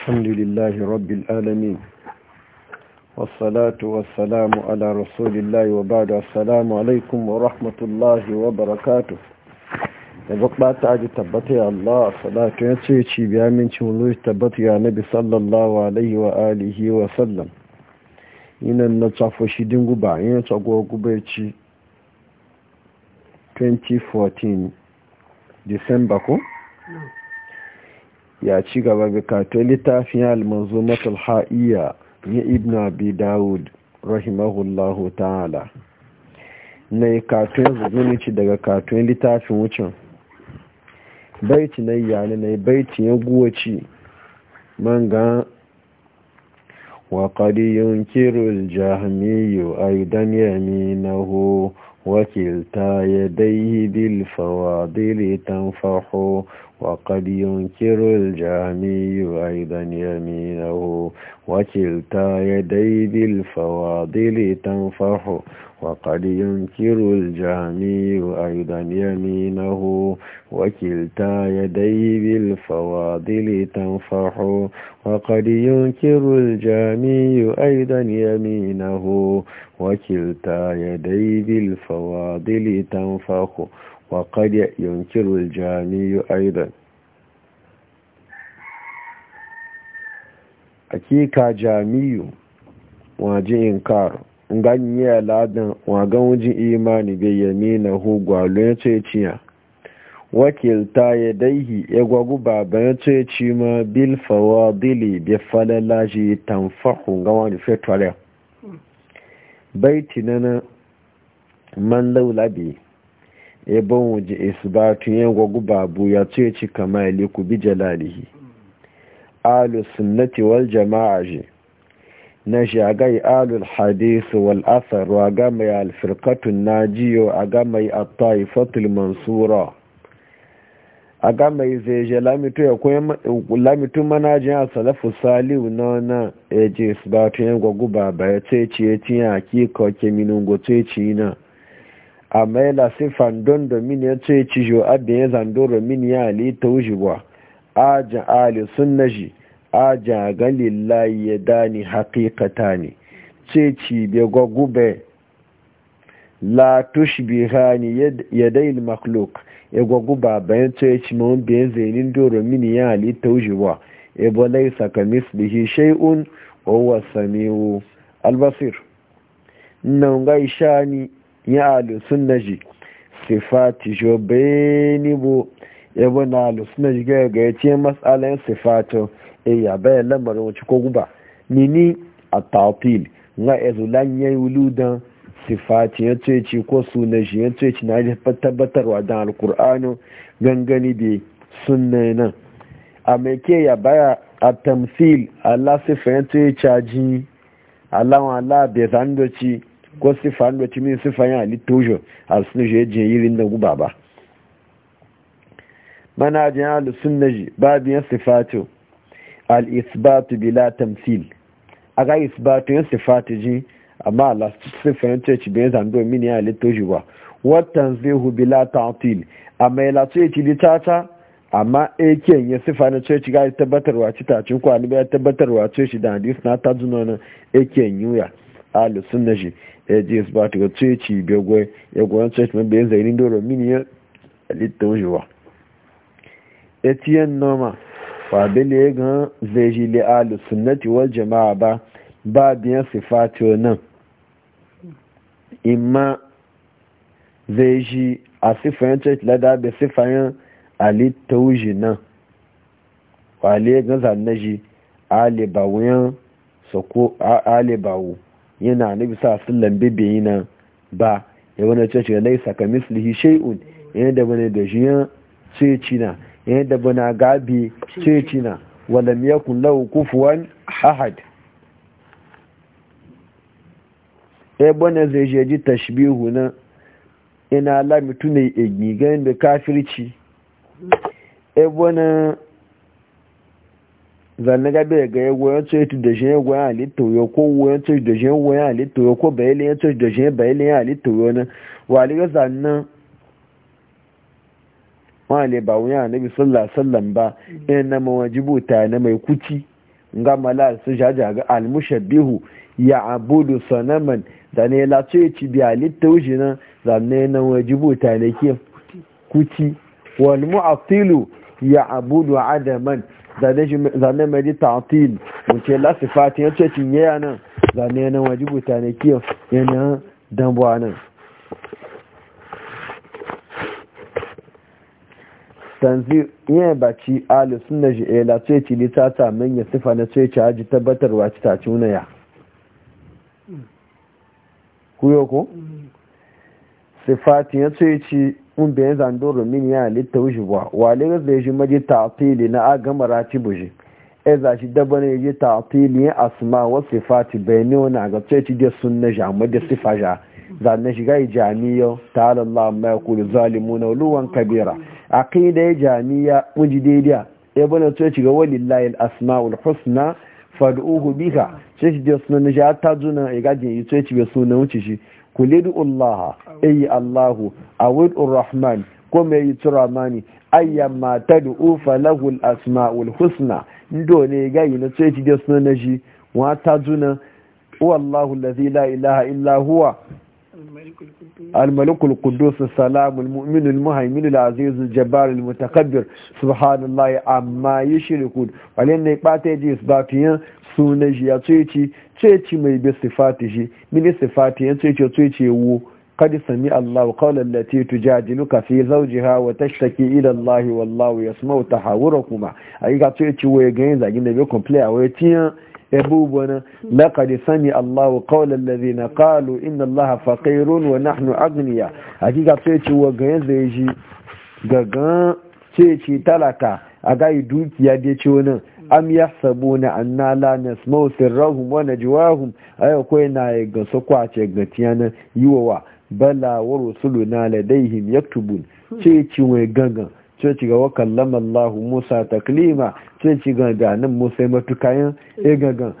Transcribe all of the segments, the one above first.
الحمد لله رب العالمين والصلاة والسلام على رسول الله وبعد السلام عليكم ورحمة الله وبركاته يبقى تعجي تبتي الله صلاة يتشي بيامن شمولوش تبتي يا نبي صلى الله عليه وآله وسلم ina النصف tsafo shi dingu ba ina 2014 ديسمبر ko? ya ci gaba ga katon littafin almanzumatul ha'iyya ni ibn abi dawud rahimahullahu ta'ala na yi katon zumunci daga katon littafin wucin baiti na yi na baiti ya guwaci man ga وقد ينكر yami na يمينه وكلتا يديه بالفواضل تنفح وقد ينكر الجهمي أيضا يمينه وكلتا يديه بالفواضل تنفح وقد ينكر الجهمي أيضا يمينه وكلتا يديه بالفواضل تنفح وقد ينكر الجهمي أيضا يمينه وكلتا يديه بالفواضل تنفح وقد ينكر الجهمي أيضا أكيكا جامي واجئ إنكاره ganyi ya ladin wagan wujin imani bai yami na hugwalo ya ce wakil wakilta ya daihi ya gwagu baban ya ce ci ma bil fawadili bi falala shi tamfahu ga wani fetwale baiti na man ya ban wuje isbatu ya gwagu babu ya ce ci kama ya liku bi jalalihi alu sunnati wal jama'a shi na shagai alul hadisu wal asar a ga mai alfirkatun najiyo a ga mai attaifatul mansura a ga mai zai je lamitu manajin a salafu saliu na wana eji isbatu yin gwaguba ba ya ce ci ya ci a kika ke minin gote ci na a mai lasifan don domin ya ce ci jo abin ya zandoro min ya ali ta wujibuwa ajin ali sun naji aja jagan lillahi ya dani haƙiƙata ne ce cibe gwagube la tushbihani yadayil makhluk e gwaguba bayan ce ci mun biyan zainin doro mini ya halitta wujewa e bolai laisa mislihi shay'un huwa samiu albasir nan ga ishani ya alu sunnaji sifati jo beni bo e bo na alu sunnaji ga ga ce mas'alan sifato e ya bayan lamarin wuce ko guba nini a tatil na ezulan ya yi wuludan sifati ya ce ko suna shi ya ce na tabbatarwa don alkur'anu gangani da sunna nan a mai ke ya baya a tamsil allah sifa ya ce caji alawan allah bai ko sifa andoci min sifa ya litojo a suna shi ya je yirin na guba ba manajin alusun na ji babin al-isbatu bila tamthil aga isbatu yin sifatu ji amma la sifayen ceci bayan zando mini ya lito shi ba watan zihu bila ta'til amma ya lati ci litata amma ake yin sifa na ceci ga tabbatarwa ci ta cin kwani ba tabbatarwa ceci da hadis na ta zuno na ake yin ya alu sunna shi ya ji isbatu ga ceci bego ya goyon ceci mai bayan zainin doro mini ya lito ba etiyen noma wa bile gan zai ji li'alu sunnati wal jama'a ba ba biyan sifati nan imma zai a sifayen church lada bai sifayen ali tauji nan wa le gan zanna ji ali bawuyan soko ali bawu yana nabi sa sallan bibiyi nan ba ya wani church ga laisa ka mislihi shay'un yana da wani da jiyan sai yadda bana gabi cecina walam yakun lahu kufuwan ahad ya e, bane zai je ji tashbihu na ina lami tunai egi ganin da kafirci ya e, bane ga gabe ga ya goyon ya goyon halittu ya ko goyon tsoyi da shi ya goyon halittu ya ko bayilin ya ya bayilin ya halittu ya na wali ga na. wane ba wuya nabi sallah alaihi ba ina na mawajibu ta na mai kuci ga mala su jaja ga almushabbihu ya abudu sanaman da ne lati ce ci bi alitta wujina da ne na wajibu ta na ke kuci wal mu'attilu ya abudu adaman da ne mai di ta'til wuce la sifatin ya ce cinye yaya nan ne na wajibu ta na ke yana dambuwa nan tanzir ya baci ali sunna ji ila e ce ci litata min ya sifa na ce ci haji tabbatarwa ci ta cuna ya kuyo ko sifati ya ce ci un bayan zandoro min ya litta wuji ba wale ga da ji maji ta'tili na agama rati buji e za shi daba ne ji ta'tili ya asma wa sifati bayani wani ga ce ci da sunna ji amma da sifa ja zanne shiga ijaniyo ta'ala Allah ma yaqulu zalimuna luwan kabira aqida jami'a mujidediya ya bana to ci ga walillahi al-asmaul husna fad'uhu biha ce shi da sunan ji ta juna ya gaje yi to ci ga sunan wuce shi kulidu allah ayi allahu awid urrahman ko mai yi turamani ayyamma tad'u falahu al-asmaul husna ndo ne ga yi na to ci da sunan ji wa ta juna wallahu alladhi la ilaha illa huwa الملك القدوس السلام المؤمن المهيمن العزيز الجبار المتكبر سبحان الله عما يشركون ولن يباتي جي اثباتيا سونجي يا تويتي تشيتي مي بصفاته من صفاتي تشيتي تشيتي وو قد سمع الله قول التي تجادلك في زوجها وتشتكي الى الله والله يسمع تحاوركما اي ga tsheci waye ganin zagin da be complain a waye tiyan ebubona la kadi sani allahu kawla lazi na kalu ina allaha fakirun wa nahnu agniya hakika ceci wa gaya zai shi gaga ceci talaka a gayi dukiya da ce am ya sabu na an na lanas mausin rahun wani a yau kai na yi ga sukwace ga tiyana yiwuwa balawar wasu lunala dai hin ya tubun ce ci mai gangan sai ci ga wa kallama Allah Musa taklima sai ci ga ganin Musa matukayin e gagan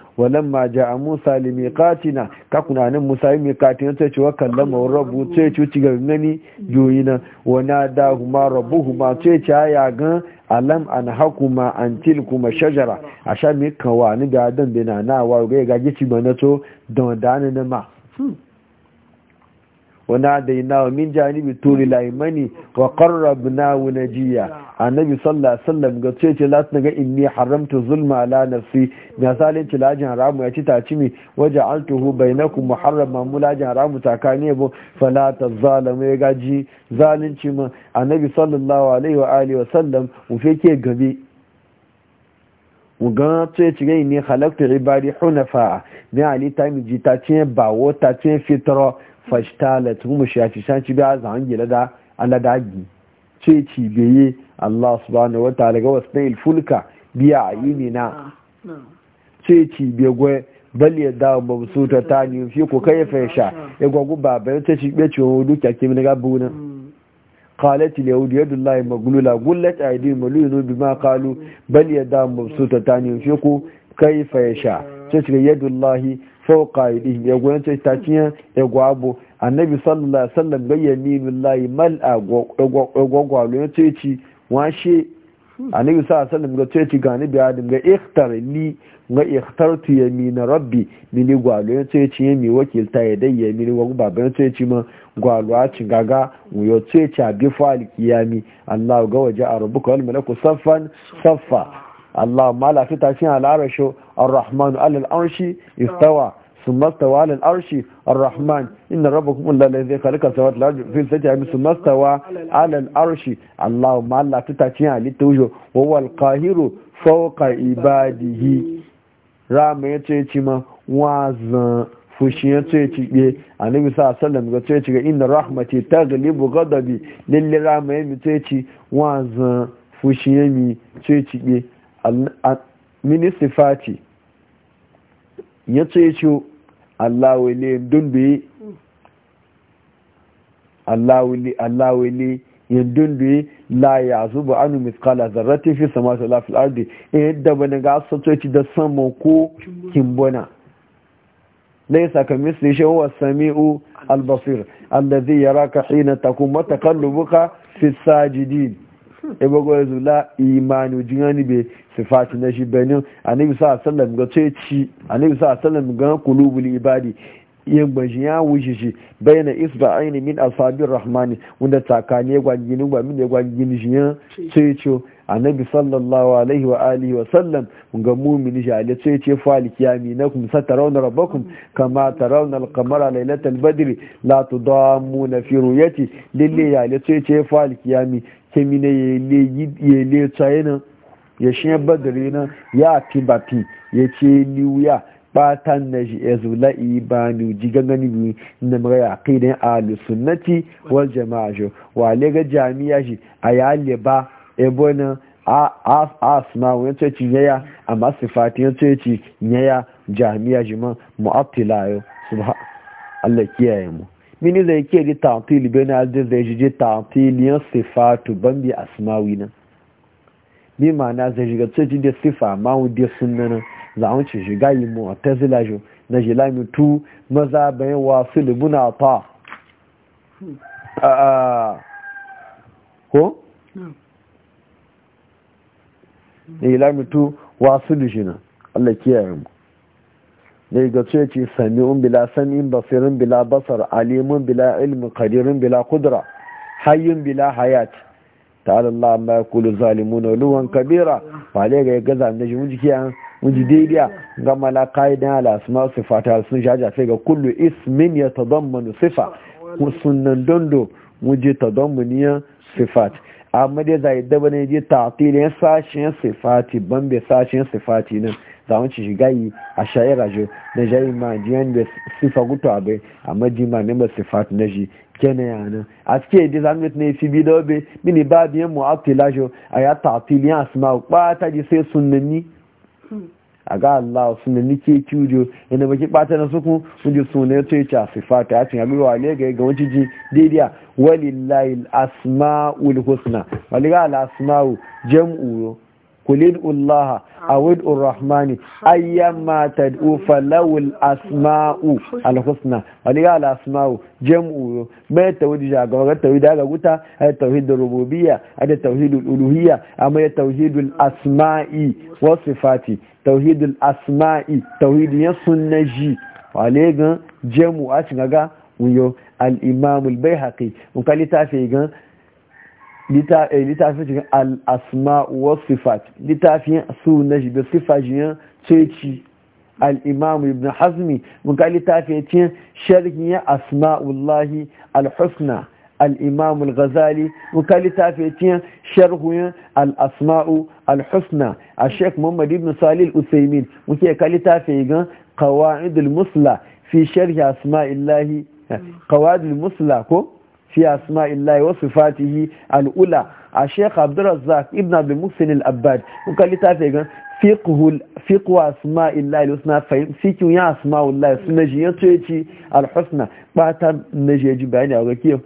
ma ja'a Musa li katina ka kuna nan Musa miqatina sai ci wa kallama rabbu sai ci ga gani joyina wa nada huma rabbuhuma sai ci ya ga alam an hakuma an kuma shajara a sha mi kawa ni ga dan bina na wa ga ga ci bana to don na ma hmm. wana da yana min janibi turi laimani wa qarrabna najiya annabi sallallahu alaihi wasallam ga ce ce lati ga inni haramtu zulma ala nafsi na salin ci lajin haramu ya ci taci mi waje altuhu bainakum muharraman mu lajin haramu takani bo fala tazalamu ya gaji zalunci ma annabi sallallahu alaihi wa alihi wasallam mu fike gabe gan tó yẹ tìrẹ ìní xalẹ́kùtù ìbárí xunafa ní àlítàmì jí tàtí ẹ̀ bàwọ́ tàtí ẹ̀ fitọ́rọ́ fashtalat mu shafi shanci bi azan angela da aladagi ce cibeye Allah subhanahu wa ta'ala ga wasnail fulka biya a yi ne na ce cibe gwe bal da ba mabsuta ta ta ni fi ko kai fa sha e gwagu baba ta ci be ci wudu kya kimi ga buna mm. qalat al yahud yadullahi maglula gullat aydin malunu bima qalu bal ya da mabsuta ta ta ni fi ko kai fa sha mm. ce ci yadullahi fauka a ya gwanci ta ciyan ya gwabo annabi sallallahu alaihi wasallam ga yaminul mal a gwagwalo ya ce ci washe annabi sallallahu alaihi wasallam ga ce ci ga ni biya ga ikhtar li ga yamina rabbi mini gwalo ya ce ci yami wakilta ya dai yamini wa baba ya ce ci ma gwalo a ci gaga mu ce ci a bi fa'al kiyami allah ga waje a rubuka wal malaku saffan saffa allah ma lafi ta ciyan al'arashu الرحمن على العرش استوى ثم استوى على العرش الرحمن إن ربكم الله الذي خلق السماوات والأرض في ستة أيام allahu استوى على العرش اللهم الله تتاتيا للتوجه وهو القاهر فوق عباده رام يتيتما وازن fushiyan tsoye cike annabi sa sallam ga tsoye cike inna rahmati taglibu ghadabi lil ramaye mi tsoye ci wazan fushiyan mi tsoye cike ya tsoye ciwo Allah wele dunduye Allah wele la ya zuba anu miskala zarratin fi sama su lafi ardi in eh, yadda bane ga asatoci da sama ko kimbona lai ka misli shi huwa sami'u albasir allazi yaraka hina takum wa taqallubuka fi sajidin ebogo e zula imani jingani be sifati na shi benin anabi sa sallam ga ceci anabi sa sallam ga kulubul ibadi yin gbajin ya wuce shi bayyana isba aini min asabir rahmani wanda tsakani gwangini ba min gwangini shi ya ceci annabi sallallahu alaihi wa alihi wa sallam ga mumini shi ala ce ce fa alkiyami na kuma satarawna rabbakum kama tarawna alqamara lailatal badri la tudamuna fi ruyati lilli ya ala ce ce fa alkiyami kemine ya le tsayena ya shi badare na ya fi bafi ya ce liwuya batan na shi ya zula ibanu ji gangani biyu na mara aqidan ahlus sunnati wal jama'a shi wa lega jami'a shi a ya le ba e a asma wani tsoci yaya masu fati wani tsoci yaya jami'a shi ma mu'abtila yo subhan Allah kiyaye mu mini zai ke di tantil bin aljin zai jije tantiliyan sifatu ban bi asmawi nan bi ma'ana zai shiga tsoci da sifa ma'u da sunana za a wuce shiga yi mu a ta zilajo na jilami tu maza bayan wasu libuna ta ko? Hmm. na jilami tu wasu libuna Allah kiyaye mu daga ga ce ce sami'un bila sami'in basirin bila basar alimun bila ilmi kadirin bila kudura hayyun bila hayat ta'ala Allah amma ya kulu zalimun luwan kabira ba dai ga gaza ne shi muji kiyan muji dediya ga malaka da ala asma sifata sun shaja sai ga kullu ismin ya sifa sifa sunan dondo muji tadammuniya sifat amma dai zai da bane je tatilin sashen sifati bambe sashen sifati nan za mu ci shiga yi a shayar ajo na jayi ma jiyan da sifa gutu abai amma ji ma ne ba sifati na shi kene ya nan a cike da za mu fi bi da mini ba biyan mu a ya tatilin asma ba ta ji sai sunnani a ga Allah su ne nike kyujo inda baki bata na suku sun ji sunan to yace sifata ya cin abuwa ne ga ga wancin ji daidai walillahi asmaul husna walillahi asmau jam'u kulid ullaha awid urrahmani ayyamma tad'u lawul asma'u alhusna wani ga asma'u jam'u mai tawhid ja ga ga tawhid ga guta ay tawhid rububiyya ay tawhid uluhiyya amma tawhid asma'i wasu sifati tawhid asma'i tawhid ya ji wale gan jam'u a cin ga uyo al bai haƙi bayhaqi kalita fe gan littafin eh, cikin al'asma wa sifat littafin suna shi da sifajiyar ceci al'imamu ibn hazmi muka littafin cin sharhiyar asma'ullahi al-husna al'imamu al muka littafin cin sharhiyar al'asma'u al-husna a sheik muhammad ibn salil usaimin muke ka littafin gan musla fi sharhi asma'illahi kawa'idul hmm. musla ko fi asma'illahi wasu sifatihi al'ula a sheikh abdurrazzaq ibn abdul muhsin al-abbad kuka littafi gan fiqhu asma'illahi al-husna fahim fiqhu ya asma'ullahi suna ji yanzu al-husna bata na ji ji bayani a gakiyo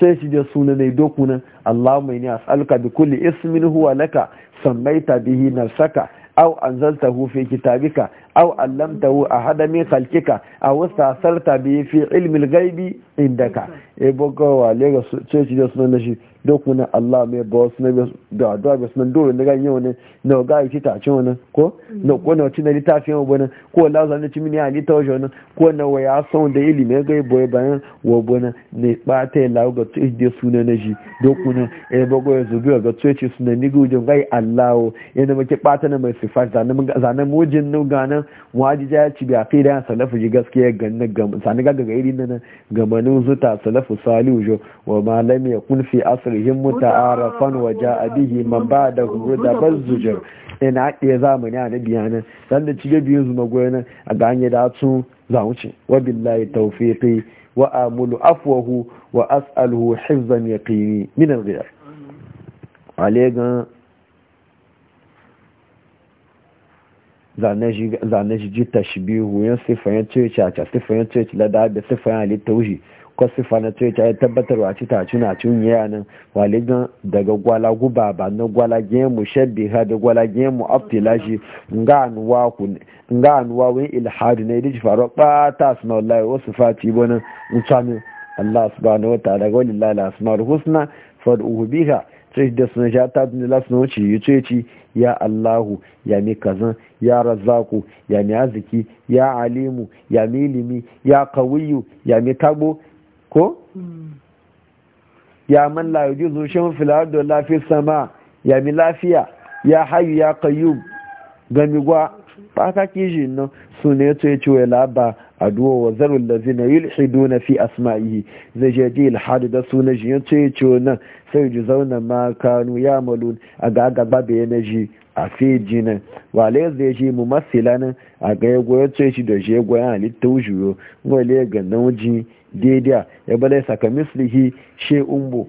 sai da suna ne dokunan Allah mai ne as'aluka bi kulli ismin huwa laka sammaita bihi nafsaka au an fi kitabika aw allamtahu ahada min khalqika aw sasarta bi fi ilmi al-ghaibi indaka e bogo wa lega so ci da sunan doku na Allah mai ba wasu na da addu'a ba sunan dole na ganye wani na ga yi ta ci wani ko na mm. ko na cin fi yau wani ko za zan ci mini ali ta wani ko na waya son da mai ga boye bayan wa bana ne ba ta la ga tu da suna na ji doku na e ba go yanzu ga tu ci sunan ni go ga Allah Allah yana muke bata na mai sifar da nan ga zanan mujin nu ga nan waji ja ci bi aqida salafu ji gaskiya ga nan ga sanin ga ga irin nan ga manin zuta salafu salihu jo wa ma lam yakun fi asr asarihim muta'arafan wa ja'a bihi man ba'dahu rudabaz zujur ina ake zamani a nabi yana dan da cige biyu zuma goyana a ga hanyar da su za wuce wa billahi tawfiqi wa amulu afwahu wa as'aluhu hifzan yaqini min al-ghayr alegan zane shi ji tashbihu yan sifayen church a sifayen church la da sifayen halitta wuce kwasifa na tsoye ta tabbatarwa ci ta cuna cun yaya nan waligan daga gwala guba ba na gwala gemu shabbiha da gwala gemu abtilashi nga anuwa wani ilhadu na idiji faruwa ta suna wallahi wasu fati bonan mutane Allah subhanahu wata wata daga wani al husna da suna ta dun la wuce yi ci ya Allahu ya mi kazan ya Razzaku ya mi aziki ya Alimu ya mi ilimi ya kawiyu ya mi tabo ko hmm. ya man la yujuzu shan fil sama ya mi lafiya ya hayu ya kayu gami gwa ba ka kiji nan? sune to yace wai laba duwa wa yi allazina na fi asma'ihi zai je ji ilhadu da suna jiyan to yace nan. sai ji zauna ma kanu ya malu a aga ba bayyana ji a feji nan wale zai shi mu masila nan a ga ya goya ce shi da shi ya goyon halitta wujuro wale ga nauji daidai ya bala ya saka mislihi she umbo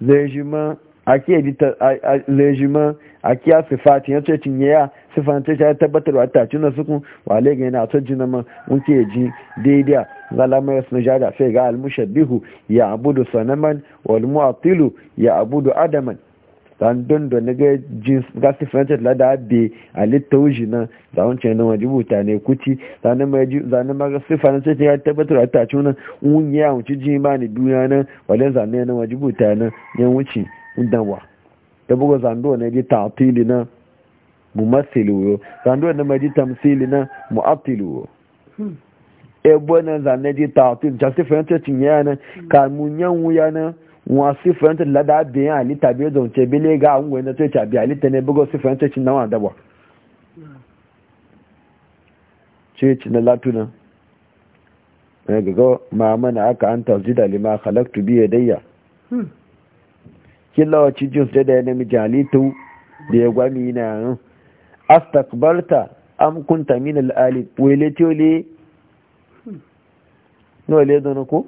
zai shi ma zai shi ma a kiya sifati ya ce cinye ya sifan shi ya tabbatar wa ta cina sukun wale ga yana tsoye jina ma muke ji daidai zalamai sun jada sai ga almushabihu ya abudu sanaman wal mu'attilu ya abudu adaman zan dondo na ga jins ga sifanci la da a littauji na za wancan na waje buta ne kuci zanen ma ma ga sifanci ta tabbatar a tacu na un ya wuce ji ma ni duniya na wale zanen na waje buta na ya wuce dawa da buga zando na ji ta'tili na mumassilu yo zando na ma ji tamsili na mu'attilu yo ebo na zanen ji ta'til ta sifanci hmm. tin yana kamun yan wuya na wọn sífẹ́ntì ládàá bí i ali tabi ẹdọ ntẹ bẹẹ lé ga àwọn ohun ẹ̀nà tó ali tẹnẹ tẹ́lẹ̀ si sífẹ́ntì ti náà àdábọ̀ tí ó ti na látúnà ẹ̀ gẹ́gọ́ máa mọ́nà aka an tàzí dàlí máa kàláktù bí ẹ̀dẹ́yà hmm. kí lọ́wọ́ tí jùn sí da mi jẹ jàlí tó da ya gwami na yanu astakbarta am kunta min ali wele tí ó lé hmm. náà lé dọ́nà ko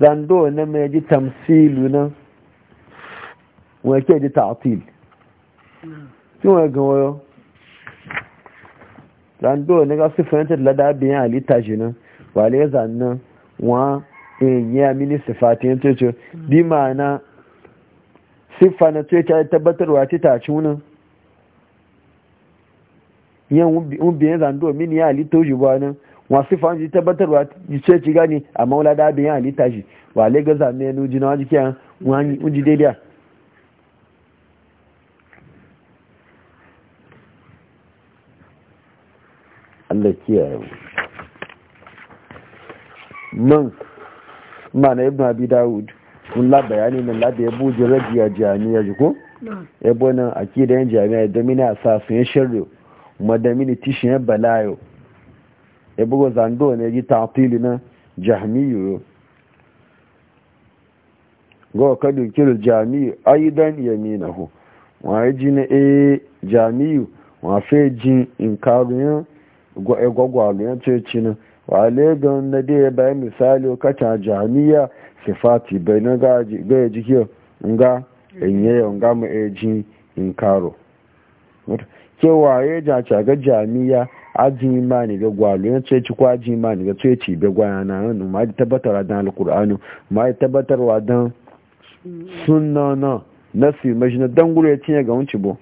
zando na mai ji tamsilu nan wani ke ji ta'atil sun wani ga wayo zando na ga su fahimta da ladabiyan halitta shi nan wale zannan wa yi a mini sifatin tuce bi ma'ana siffa na tuce ta tabbatarwa ta taci wunan yan ubiyan zando mini ya halitta shi ba nan wasu fa'anci tabbatarwa ce ci gani a maula da abin yana shi wa lagos a mai nuji na wajen kiyan wani daidai Allah kiyaye man na eh, ibn abi dawud kun ya bayani min labba ya buji ya jami ya jiko ya eh, bonan akida yan jami'a da mini asafin sharri kuma domina mini balayo ya bugu zando ne ji tatili na jahmiyu ga kadin kiri jami'u aidan yaminahu wa ya ji na e jami'u wa fe ji in karuyan gwagwaluyan e, e ceci na wa legon na da ya misali misali kata jami'a sifati bai na ga ya ji kiyo nga in yayo nga mu e ji in karo kewaye jaca ga jami'a ajin imani ga gwalo ya ce ci ko ajin imani ga tsoye ci bai gwaya na hannu ma tabbatar tabbatarwa dan alkur'ani ma tabbatar tabbatarwa dan sunna na nasi mashi na dangulu ya cinye ga wunci bo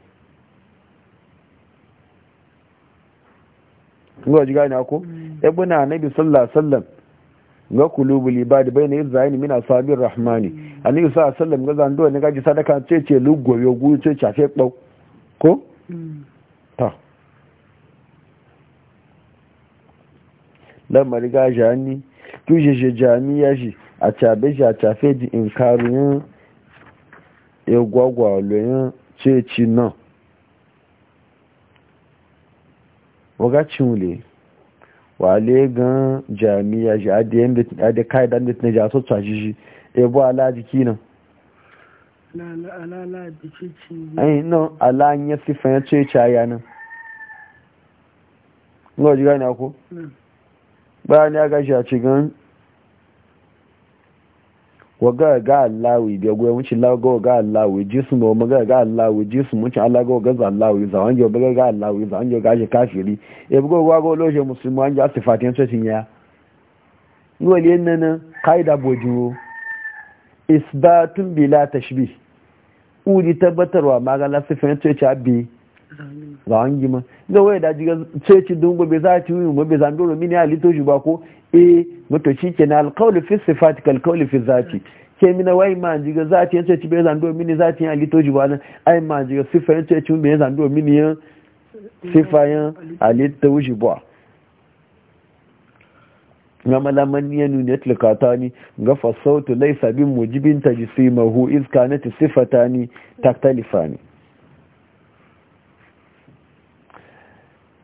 ga ji gane ko ibuna mm. annabi sallallahu alaihi wasallam ga Libadi, bai na izzaini min asabir rahmani mm. annabi sallallahu alaihi wasallam ga zando ne gaji sadaka ce ce lugoyo gu ce ce afi ko mm. lamari ga jani tuje ya shi a cabe shi a cafe ji in karu yin egwagwa loyin ceci nan wagacin le wale gan ya shi a da kai da mitin ja so tsaji shi ebo ala jiki nan ayin nan ala an yi sifayen ceci a yanan ngawaji ni ako? bayan ya gashi a cikin waga ga allawi da goyi wuce lago ga allawi jisu ma ọ ga allawi jisu ga za wange baga ga allawi za ọ ga shi kafiri e bugo wago loje musulmi wange asifatin sacin ya ngoli yanna nan kaida bojuwo isbatun bila tashbih tabbatarwa abi zawon gima ga waya da jiga ceci don gobe za ci wuyin gobe zan doro mini alito shi ba ko e mato shi ke na alkawli fi sifati kalkawli fi zati ke mina wai ma jiga za ci yace ci bai zan doro mini za ci yan alito shi ba nan ai ma jiga sifa yan ceci bai zan doro mini yan sifa yan alito shi ba na malaman ya nuna ya tilkata ni ga fasautu laisa bin mujibin tajisimahu iska na ta sifata ni taktalifa ne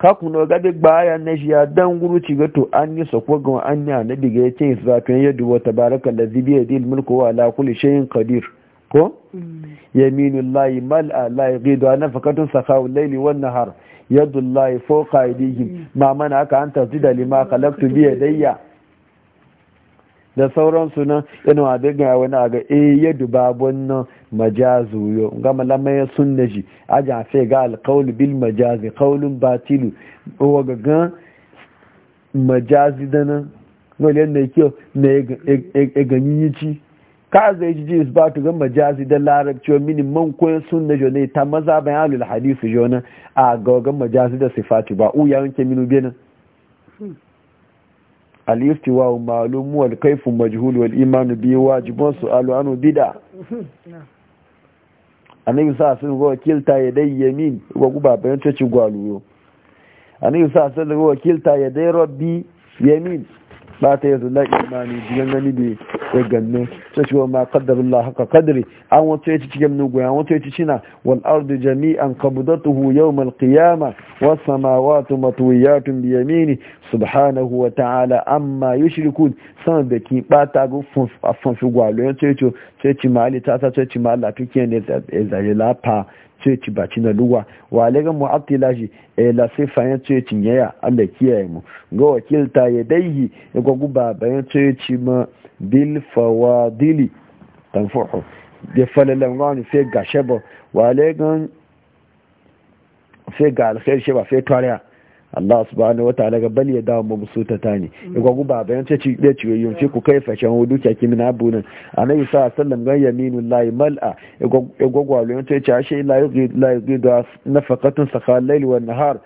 kakuno gabe baya na shi ya dan guru ci ga to an yi sako ga an ya na diga ya su zafin yadda wa tabaraka lazi biya dil mulku wa ala kulli shay'in qadir ko mm. yaminu llahi mal ala yaghidu an fakatun sakhaw al-layli wan nahar yadu llahi fawqa aydihim mm. ma mana aka anta zida lima khalaqtu bi yadayya da sauransu nan yana wa daga wani aga e eh, ya duba wannan majazu yo ga malama ya sunna ji a jafe ga alkaulu bil majazi kaulun batilu wa ga majazi dana nan wani yadda kyau na ya ganyi yi ci ka zai ji jis ba tu ga majazi da larabci wa mini man koyan sunna jo ne ta maza bayan alul hadisu jo nan a ga majazi da sifatu ba u ya yanke minu hmm. al-istiwa ma'lum wal kayf majhul wal iman bi wajibun su'alu anu bid'a annabi sa sun go kilta dai yamin go guba bayan ta ci gwaluyo annabi sa sun go kilta dai rabbi yamin ba ta yanzu la imani jiyan gani da ya ganne ta shi ma qaddarullah haka kadiri an wato ci cikin nugu an wato ci cina wal ardu jami'an qabdatuhu yawm al qiyamah was samawati matwiyatun bi yamini subhanahu wa ta'ala amma yushrikun san da ki bata go fun fun gwalo ya yace ci mali ta ta sai ci mala tukiyan da lafa sai ci baci na luwa wa alagan mu'attila shi e la sai fayan sai ci ya Allah kiyaye mu ga wakilta ya daihi ya gugu bayan sai ci ma bil fawadili tanfuhu da falalan wani sai ga ba wa alagan sai ga alkhair shi ba sai tariya Allah subhanahu wa ta'ala bali ya dawo mu busuta tani mm. igwa ba bayan ce ci da ciwo yun ce ku kai fashen hudu ke kimi na abunan annabi sa sallan gan yaminul lahi mal'a igwa gwalo yun ce ce ashe la yughid da na fakatun sakawar laili wani nahar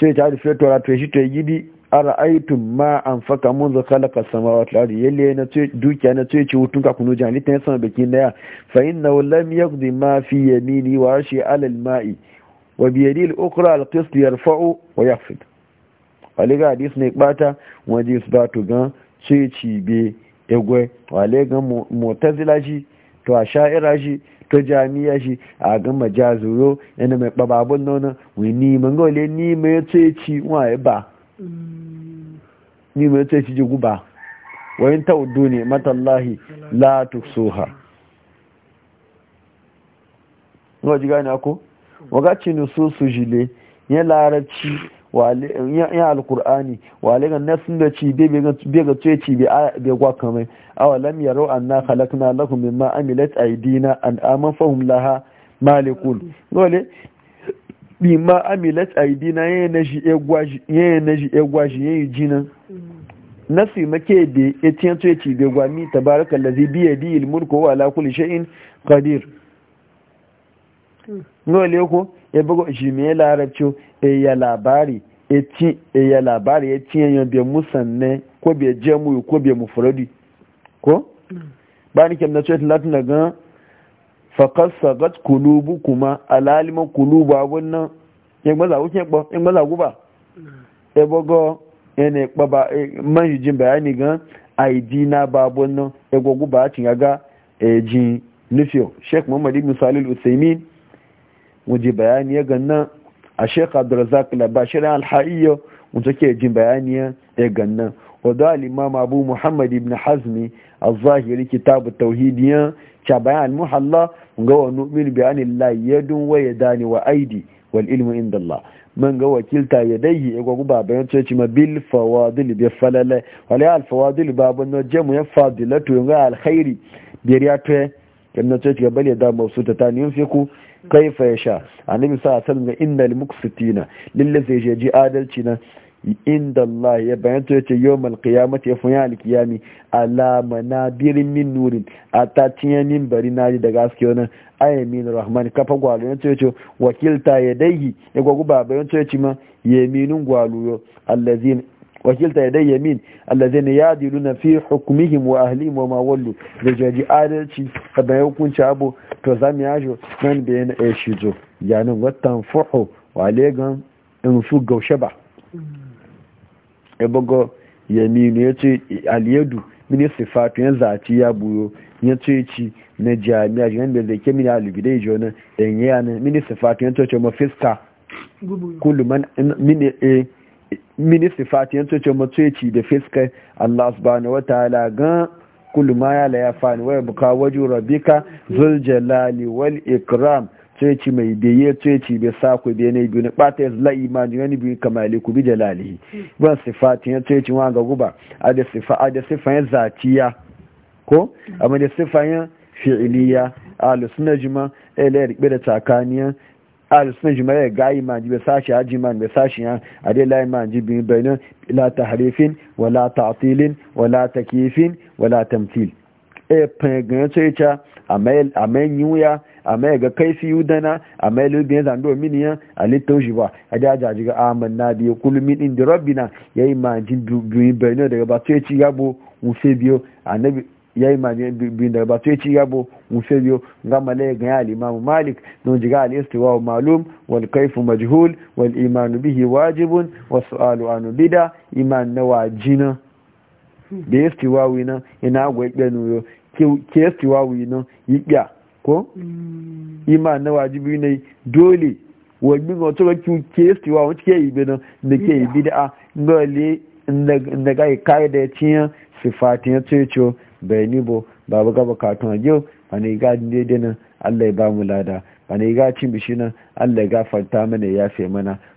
ce ta rufe tora to shi to yi gidi a ara'aytum ma faka mun zo kalaka sama wa ardi yalle na ce dukiya na ce ci hutun ka kunu jani ta sama baki na ya fa innahu lam ma fi yamini wa shi alal ma'i wa biyadi al-ukra al-qist yarfa'u wa yakhfid wale ga hadis ne bata waje su ba to gan ce cibe egwe wale ga mu'tazila shi to a sha'ira shi to jami'a shi a ga majazuro yana mai bababun nona wi ni man ga le ni mai ce ci wa ba ni mai ce ci ji guba wa in ta'uddu ne matallahi la tuksuha Ngo ji gane ako? wagaci su jile ya larabci ya alkur'ani wale ga sun da ci bai ga tuye ci bai gwa kamai awa lam yaro an na halakna lahum ma amilat aidina an aman fahim laha malikul dole ma amilat aidina yayin na shi egwa shi yayin jinan nasi make da ya tiyan ya ci bai gwa mi biya di ilmurko wa alakul kulli shay'in qadir nole ko ya e bugo shi me larabci e ya labari e ya labari ya tiyan yan bai musanne ko bai je ko bai mu furodi ko ba ni kemna ce latin daga faqad sagat qulubukuma alalima quluba wannan yan maza wuce ba yan maza guba ya bugo ene pa ba man yijin bayani gan aidina babon nan ya gogu ba cin ga jin nufiyo sheikh muhammad ibn salih al waje bayani ya ganna a sheikh abdulrazak labashirin alha'iyyo wanda ke jin bayani ya ganna wadda al'imam abu muhammad ibn hazmi a zahiri kitabu tauhidiyya ca bayan al-muhalla ga wa nu'min bayanin la yadun wa yadani wa aidi wal ilmu inda Allah man ga wakilta ya dai ya e gwagu babayan coci ma bil fawadil bi falala wala al fawadil babun no jemu ya fadilatu ga alkhairi biyar ya to ya na coci bale da mausu ta yin fiku kaifa ya sha annabi sa sallam innal muqsitina lillazi yaji adalci na inda Allah ya bayanta yace yawmal qiyamati ya funya alkiyami ala manabir min nurin atatiya min bari naji daga aske wannan ayyamin rahman kafa gwalo yace yace wakilta yadayhi ya gwagu baba yace yace ma yaminun gwalo yo allazin wakilta yadai yamin allazina yadiluna fi hukmihim wa ahlihim wa ma wallu da jaji adalci ka bayan hukunci abu to za mu yajo nan da yana ya shi zo yanin watan fuhu wa legan in su gaushe ba ya bugo ya yaminu ya ce aliyadu mini sifatu ya zaci ya buyo ya ce ci na jami'a shi da zai kemini alubida ya jona yan yi yana mini sifatu ya toce ma fiska kuluman mini a eh, mini sifatu ya toce ma tuci da fiska allah subhanahu wa ta'ala gan kullu ma ya ya fani wa buka waju rabbika zul jalali wal ikram ceci mai beye ceci be sako be ne biyu ne bata yanzu la imani wani biyu kamali ku bi jalalihi ban sifatin ya ceci wa ga guba a da sifa a da sifayen zatiya ko amma da sifayen fi'iliya ahlus sunna jima ele rikbe da takaniya ahlus sunna jima ya ga imani be sashi ajiman be sashi ya ade la imani bi bayna la tahrifin wala ta'tilin wala takyifin wala tamfil e fangan sai amel a mai yiwuya ga kaisi yudana amel mai lubin zando miniya a littan ada ba a amanna jiga ah, kullu min indi rabbina in ma jin du bi majin biyu daga ba sai e ci gabo wufe anabi annabi ma jin du bi daga ba sai ci gabo wufe ga male ga ya alimamu malik don jiga al istiwa malum wal kayfu majhul wal iman bihi wajibun wasu an anu bida iman na wajina da ya fi wawi nan ina agwa ikpe nuyo ke ya fi wawi yi ikpe ko mm. ima na wajibi ne dole wagbin wato wakil ke ya fi wawi ke ibe nan da ke ibi da a ngole da ga kai da ya ciye sifatin ya ce ce bai ni bo babu gaba katon a yau a ne ga dinde dinan allah ya ba mu lada a ne ga cin bishi nan allah ya gafarta mana ya fi mana